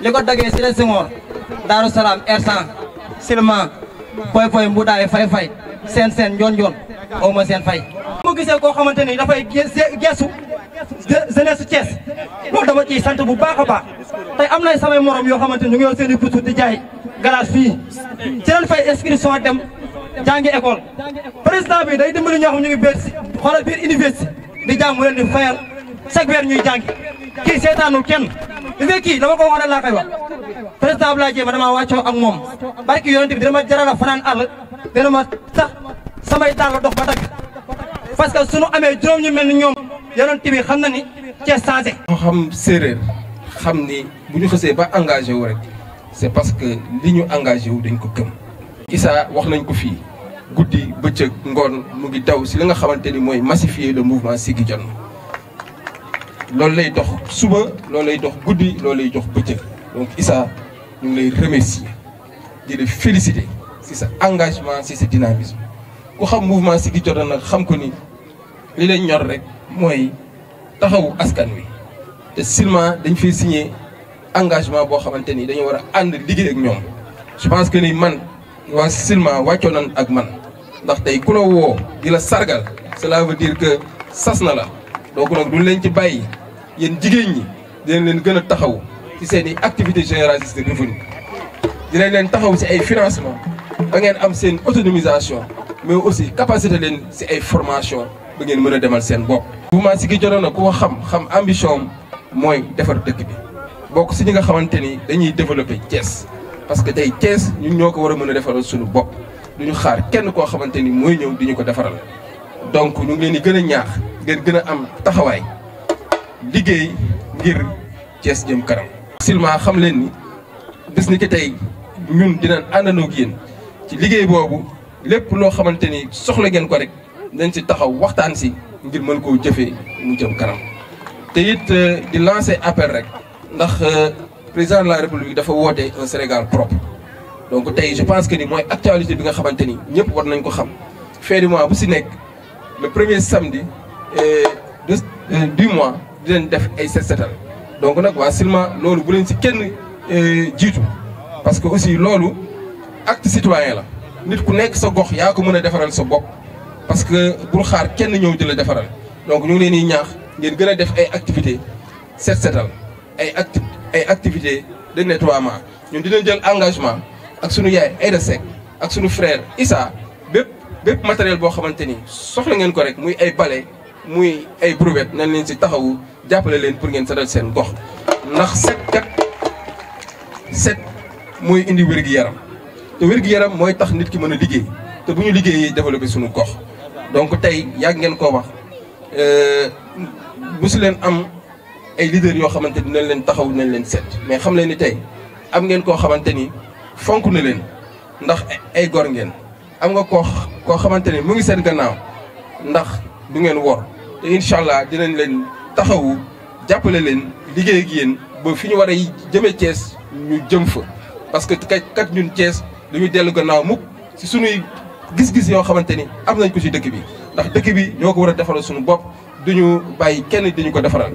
li ko dagee si la Senghor Daaru Salaam Ersan Silman Poy Poy Mbudaay Fay Fay seen seen njoon njoon aw ma seen fay. mu gisee koo xamante ni dafay geesu jeunesse Thiès loolu dama ciy sant bu baax a baax te am na samay morom yoo xamante ni ñu ngi yor seen i putu di jaay galaas fii ci leen fay inscription dem jàngi école président bi day dimbali ñoo xam ñu ngi biir xoolal biir université di jàng mu leen di fayal ñuy jàngi kii seetaanul kenn. bi nga dama koo waxoon laa koy wax président Abdoulaye Dièye ma damaa wàccoo ak moom barki yonent bi dina ma jaral a fanaan àll dina ma sax samay dàll dox ba dagg parce que suñu amee juróom ñu mel ni ñoom yonent bi xam na ni cee changé. moo xam séeréer xam ni bu ñu xësee ba engagé wu rek c'est parce que li ñu engagé wu dañ ko gëm. Issa wax nañ ko fii guddi bëccëg ngoon mu ngi daw si li nga xamante ni mooy massifier le mouvement Siggi Jotna loolu dox suba loolu dox goudi loolu dox bëccëg donc isa ñu ngi lay remercier di la féliciter ci sa engagement ci sa dynamisme ko xam mouvement Siggi Jotna nag xam ko ni li leen ñor rek moy taxawu askan wi te seulement dañ fay signer engagement bo xamanteni dañu wara and ànd ak ñom je pense que ni man wa seulement wàccoo nan ak man ndax tay ku la wo di la sargal cela veut dire que sas na la donc nak du leen ci bàyyi yéen jigéen ñi dinañ leen gën a taxaw ci seen i activités génératrices de revenus dinañ leen taxaw ci ay financement ba ngeen am seen autonomisation mais aussi capacité leen ci ay formation ba ngeen mën a demal seen bopp. mouvement Siggi Jotna na ku ko xam xam ambition mooy defar dëkk bi bokk si ñi nga xamante ni dañuy développer Thiès parce que tey Thiès ñun ñoo ko war a mën a defaral suñu bopp ñu xaar kenn koo xamante ni mooy ñëw di ñu ko defaral donc ñu ngi leen di gën a ñaax ngeen gën a am taxawaay. liggéey ngir Cees jëm karam silma xam leen ni bis ni ki tey ñun dina àndandoo ak yéen ci liguey bobu lepp lo xamanteni soxla ngeen ko rek dañ ci taxaw waxtaan ci ngir mën ko jëfee mu jëm karam te it euh, di lancer appel rek ndax euh, président de la république dafa woté un Sénégal propre donc tay je pense que ni moy actualité bi nga xamanteni ñepp war nañ ko xam fin bu si nek le premier samedi euh, du mois di def ay set setal donc nak wa silma loolu bu leen ci kenn euh, jitu parce que aussi loolu acte citoyen la nit ku nekk sa gox ya ko mën a defaral sa bopp parce que bul xaar kenn ñëw di la defaral donc ñu ngi leen di ñaax ngeen gëna def ay activités set setal ay acte ay activités de nettoiement ñun dinañ jël engagement ak suñu yaay Aïda Seck ak suñu frère Issa bép bép matériel bo xamanteni soxla ngeen ko rek muy ay balai muy ay brouette nañ leen si taxawu jàppale leen pour ngeen setal seen gox ndax set kat set mooy indi wér-gu-yaram te wér-gu-yaram mooy tax nit ki mën a liggéey te bu ñu liggéeyee développé suñu gox donc tey yàgg ngeen koo wax bu euh, si leen am ay leaders yoo xamante dinañ leen taxaw dinañ leen seet mais xam leen ni tey am ngeen koo xamante ni fonk ne leen ndax ay gor ngeen am nga koo koo xamante ni mu ngi seen gannaaw ndax du ngeen wor te incha allah dinañ leen taxawu jàppale leen liggéey ak yéen ba fi ñu war a jëmee Thiès ñu jëm fa. parce que kat kat ñun Thiès dañuy dellu gannaaw mukk si suñuy gis-gis yoo xamante ni am nañ ko si dëkk bi ndax dëkk bi ñoo ko war a defaral suñu bopp du ñu bàyyi kenn diñu ko defaral.